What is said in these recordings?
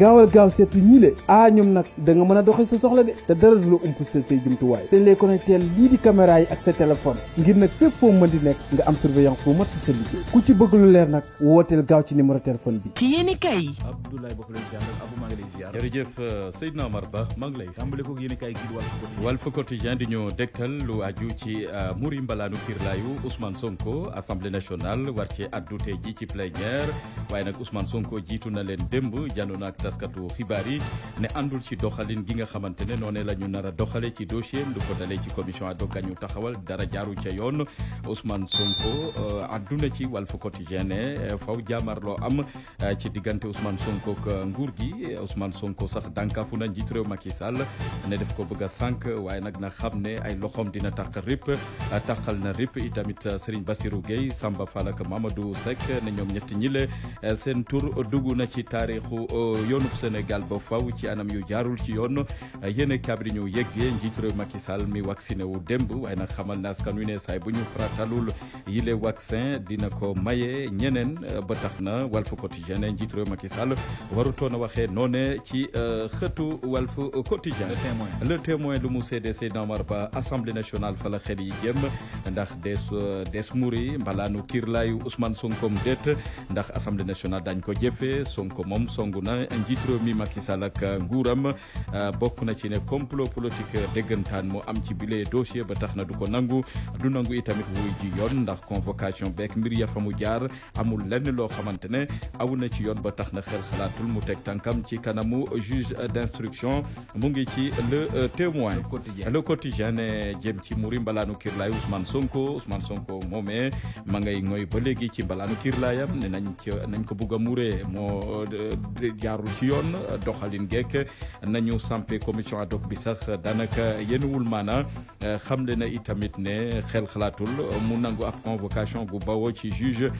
gaawal gaaw seet si ñii le ah, ñoom nag da nga mën a doxee sa soxla de te dara du la umpaseel say jumtuwaay dañ lay connecté lii di caméra yi ak sa téléphone ngir nag fépp foo mën di nekk nga am surveillance bu mat si sa liggéey ku ci bëgg lu leer nag wooteel gaaw ci numéro téléphone bi. ci yéen i kay. Abdoulaye Bokk lay ziar Abou maa ngi lay ziar. jërëjëf euh, Seydina Omar Ba maa ngi lay. tàmbale ko yéen i kay gi Walf Quotidien. Walf Quotidien di ñu dégtal lu aju ci euh, muri mbalaanu kiirlaayu Ousmane Sonko assemblée nationale war ci addu tey ji ci plénière waaye nag Ousmane Sonko jiitu na leen démb jàndu na ak taskatu xibaar yi ne àndul ci doxalin gi nga xamante ne noonu la ñu nar a doxalee ci dossier lu ko dalee ci commission ad hoc ga ñu taxawal dara jaaru ca yoon Ousmane Sonko àdduna euh, ci Walf Quotidien ne euh, faw jaamarloo am euh, ci diggante Ousmane Sonko ak nguur gi Ousmane Sonko sax dànkaafu na njiit réew Macky Sall ne def ko bëgg a sànq waaye nag na xam ne ay loxom dina taq rip taqal na rip itamit Serigne Bassirou Gueye Samba Fall ak Mamadou Seck ne ñoom ñetti ñi le seen tur dugg na ci taarixu yoonu Sénégal ba faw ci anam yu jaarul ci yoon yéen kaab di ñu yeggee njiit réew Sall mi vacciné wu démb waaye na xamal na askan wi ne saay bu ñu fratalul yile vaccin dina ko maye ñeneen ba tax na Walf Quotidien ne njiit réew Macky Sall warutoon a waxee noone ci euh, xëtu Walf Quotidien le témoin lu mu seede Seydina Omar Ba assemblée nationale fala la xel yi jëm ndax des euh, des muri mbalaanu kiirlaayu Ousmane Sonko déet ndax assemblée nationale dañ ko jëfee Sonko moom songu na njiit réew mi Macky Sall ak euh, nguuram euh, bokk na ci ne complot politique déggantaan moo am ci bile dossier ba tax na du ko nangu du nangu itamit wuy ji yoon ndax convocation beeg mbir ya mu jaar amul lenn loo xamante ne aw na ci yoon ba tax na xel xalaatul mu teg tànkam ci kanamu juge d'instruction mu ngi ci le témoin le quotidien ne jëm ci muri mbalaanu kirlaay Ousmane Sonko Ousmane Sonko moomee ma ngay ngoy ba léegi ci mbalaanu kirlaayam ne nañ nañ ko bugg a muree moo euh, jaarul jaarul yoon doxalin geek nañu sampé commission ad hoc bi sax daanaka yenuwul maana xamle na itamit ne xel xalaatul mu nangu ab convocation gu bawo ci juge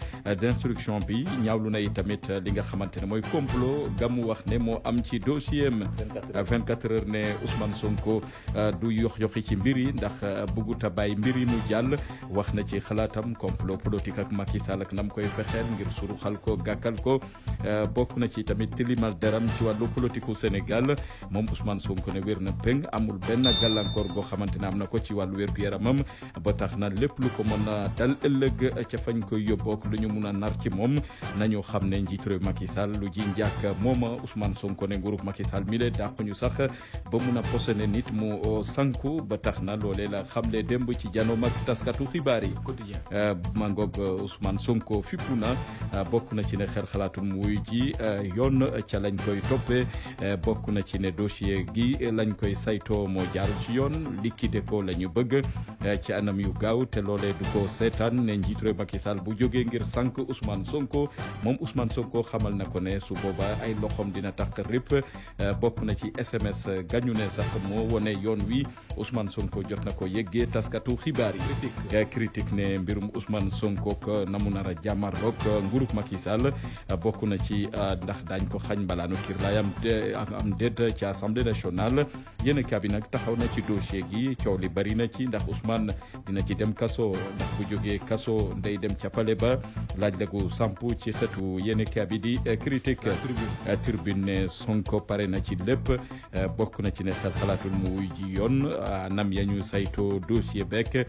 d'instruction bi ñaawlu na itamit li nga xamante ne mooy complot gamu wax ne moo am ci dossier am 24 heures ne Ousmane Sonko du yox yoxi ci mbir yi ndax bëggut a bàyyi mbir yi mu jàll wax na ci xalaatam complot politique ak Macky Sall ak nam koy fexeel ngir suruxal ko gàkkal ko bok na ci tamit tilimal daram ci wàllu politiku Sénégal moom Ousmane Sonko ne wér na péng amul benn gàllankoor goo xamante ne am na ko ci wàllu wér gu yaramam ba tax na lépp lu ko mën a dal ëllëg ca fañ koy yóbbook lu ñu mun a nar ci moom nañu xam ne njiitu réew Macky Sall lu ji moom mooma Ousmane Sonko ne nguurub Macky Sall mi le dàq ñu sax ba mun a posone nit mu euh, sanku ba tax na loolee la xamle démb ci janoom ak taskatu xibaar yi euh, mangoog euh, Ousmane Sonko fippu na bokk na ci ne xel xalaatum wuy ji lañ koy toppee eh, bokk na ci ne dossier gi lañ koy saytoo moo jaar ci yoon liquider ko lañu bëgg eh, ci anam yu gaaw te loolee du ko seetaan ne njiitu réew bu jógee ngir sànq Ousmane Sonko moom Ousmane Sonko xamal na ko ne su boobaa ay loxoom dina tax rip eh, bokk na ci SMS gañu ne sax moo wone yoon wi Ousmane Sonko jot na ko yeggee taskatu xibaar yi. critique ne mbirum Ousmane Sonko namu nar a jàmmarloog nguurug Macky Sall ci ndax dañ ko xañ mbalaanu kirlaay am am déet ci assemblée nationale yéen kaa bi nag taxaw na ci dossier gi coow li bari na ci ndax Ousmane dina ci dem kaso ndax bu joge kaso nday dem ca pale ba laaj la gu samp ci xetu yéen kaa bi di eh, critique tribune eh, Sonko pare na ci lépp eh, bokk na ci ne xel mu wuy ji yoon anam ya ñu sayto dossier beek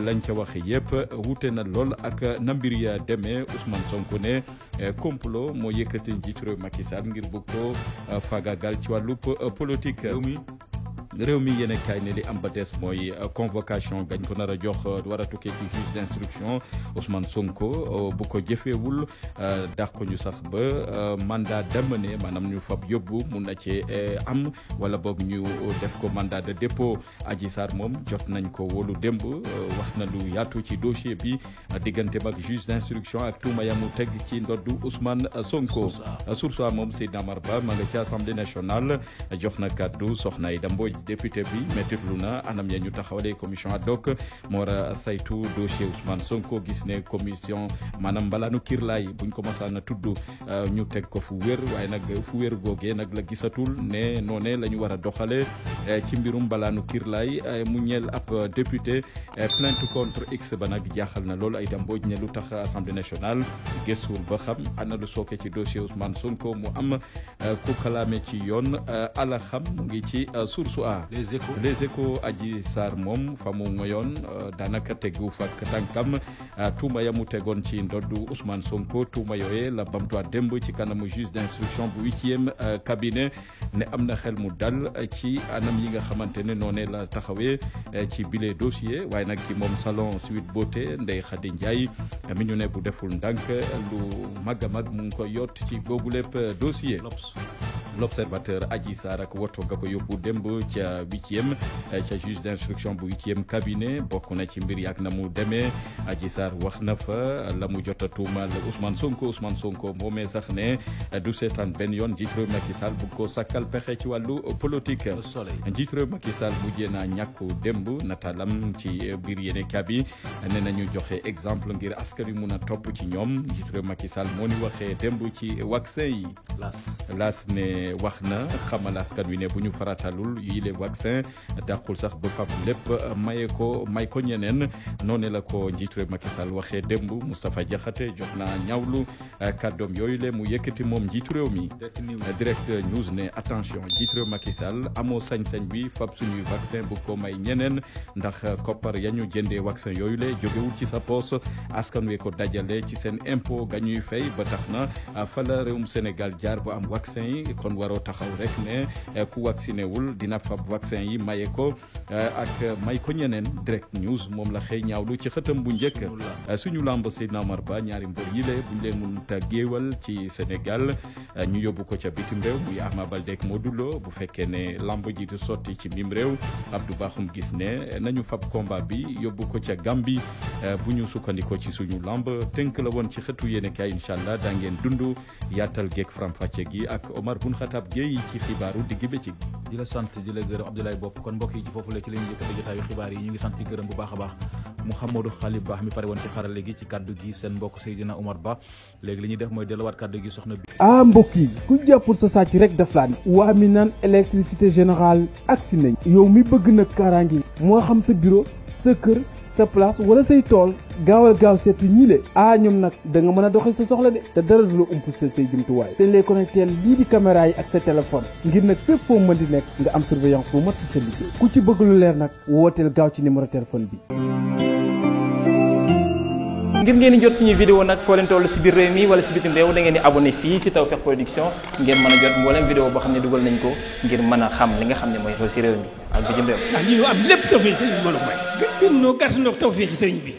lañ yëpp wute na lool ak na mbir ya Sonko ne complot moo yëkkati njiitu réew ngir bëgg ko euh, fagagal ci wàllu euh, politique réew mi réew mi yéen a kaay ne li am ba des mooy euh, convocation gañ ko nar a jox euh, war a tukkee ci juge d'instruction euh, Ousmane Sonko bu ko jëfeewul dàq ko ñu sax ba mandat d'amener maanaam ñu fab yóbbu mun na ci am wala boog ñu def ko mandat de dépôt Adji Sarr moom jot nañ ko wóolu démb wax na lu yaatu ci dossier bi diggante mag juge d'instruction ak tuuma yamu teg ci ndoddu Ousmane Sonko sur A moom Seydina Amar Ba ma nga ci assemblée nationale jox na kàddu soxna Aïda Mbodj député bi métitlu na anam ya ñu taxawalee commission ad hoc moo war a saytu dossier Ousmane Sonko gis ne commission maanaam mbalaanu kiirlaay buñ ko na a tudd euh, ñu teg ko fu wér waaye nag fu wér googee nag la gisatul ne noonee la ñu war a doxalee euh, ci mbirum mbalaanu kiirlaay euh, mu ñeel ab député plainte contre x ba nag jaxal na loolu ay dambooj ne lu tax assemblée nationale gëstuwul ba xam ana lu sooke ci dossier Ousmane Sonko mu am ku kalaame ci yoon ala xam Touba. les échos les échos Adji Sarr moom fa mu ngoyoon euh, daanaka tegu fa ak tànkam euh, tuuma ya mu tegoon ci ndoddu Ousmane Sonko tuuma yooye la bamtuwaat démb ci kanamu juge d'instruction bu huitième euh, cabinet ne am na xel mu dal ci anam yi nga xamante ne noonee la taxawee ci bile dossier waaye nag ci moom salon Sweet Beauté Ndeye Khady Ndiaye mi ñu ne bu deful ndànk lu mag mag mu ngi koy yott ci googu lépp dossier. L'Observateur Adji Sarr woto ga ko yóbbu démb ca Euh, huitième euh, ca juge d' bu huitième cabinet bokk ci mbir yi ak na mu demee Adji wax na fa la mu jot a tuumal Ousmane Sonko Ousmane Sonko moomee sax ne euh, du seetaan benn yoon njiit réew Macky ko sakkal pexe ci wàllu politique. njiit réew Macky Sall mujjee naa ñàkku démb nataalam ci biir yéene kabi ne nañu joxe exemple ngir askan wi mun a topp ci ñoom njiit réew Macky Sall moo ni waxee démb ci vaccin yi. las ne wax na xamal askan wi ne bu ñu faratalul yile vaccin dàqul sax ba fab lépp maye ko may ko ñeneen noone la ko njiitu réew Macky Sall waxee démb Moustapha Diakhaté jox naa ñaawlu eh, kàddoom yooyu le mu yëkkati moom njiitu réew mi. direct news ne attention njiitu réew Macky amoo sañ-sañ bi fab suñuy vaccin bu ko may ñeneen ndax koppar ya ñu jëndee vaccin yooyu le jógewul ci sa poos askan wi ko dajale ci seen impôt ga ñuy fay ba tax na eh, fa la réewum Sénégal jaar ba am vaccin yi kon waroo taxaw rek ne eh, ku vacciné dina fa fab vaccin yi maye ko euh, ak euh, may ko ñeneen direct news moom la xëy ñaawlu ci xëtam bu njëkk euh, suñu làmb Seydina Omar Ba ñaari mbër yi le buñ leen mun ta géewal ci Sénégal ñu yóbbu ko ca bitim réew muy Ama Baldé moo Modou Lo bu fekkee ne lamb ji du sotti ci mim réew Abdou baaxum gis ne nañu fab komba bi yóbbu ko ca Gambie bu ñu sukkandikoo ci suñu lamb tënk la woon ci xëtu yéene kaay incha allah daa dund yaatal geeg faram gi ak Omar Bun Xataab Gueye ci gërëm Abdoulaye Bopp kon mbokk yi ci foofu la ci la ñu yëkkati jotaayu xibaar yi ñu ngi sant ci gërëm bu baax a baax Mouhamadou Khalib Ba mi pare woon ci xarale gi ci kaddu gi seen mbokk Seydina Omar Ba léegi li ñuy def mooy delluwaat kaddu gi soxna bi ah mbokk yi ku jàppul sa sàcc rek daf laa ne waa mi naan électricité générale agsi nañ yow mi bëgg nag kaaraange moo xam sa bureau sa kër sa place wala say tool gaawal gaaw seet si ñii ah, ñoom nag da nga mën a doxee sa soxla de te dara du la ump sa say jumtuwaay dañ lay connecté lii di caméra yi ak sa téléphone ngir nag fépp foo mën di nekk nga am surveillance bu mat ku ci bëgg lu leer nag wooteel gaaw ci numéro téléphone bi ngir ngeen di jot suñu vidéo nag foo leen toll si biir réew mi wala si bitim réew da ngeen di abonné fii si Tawfekh Production ngeen mën boo xam ne dugal nañ ko ngir mën a xam li nga xam ne mooy xew si réew mi ak bitim réew. Ah, bi mën a may. noo gàtt noo tawfeex bi.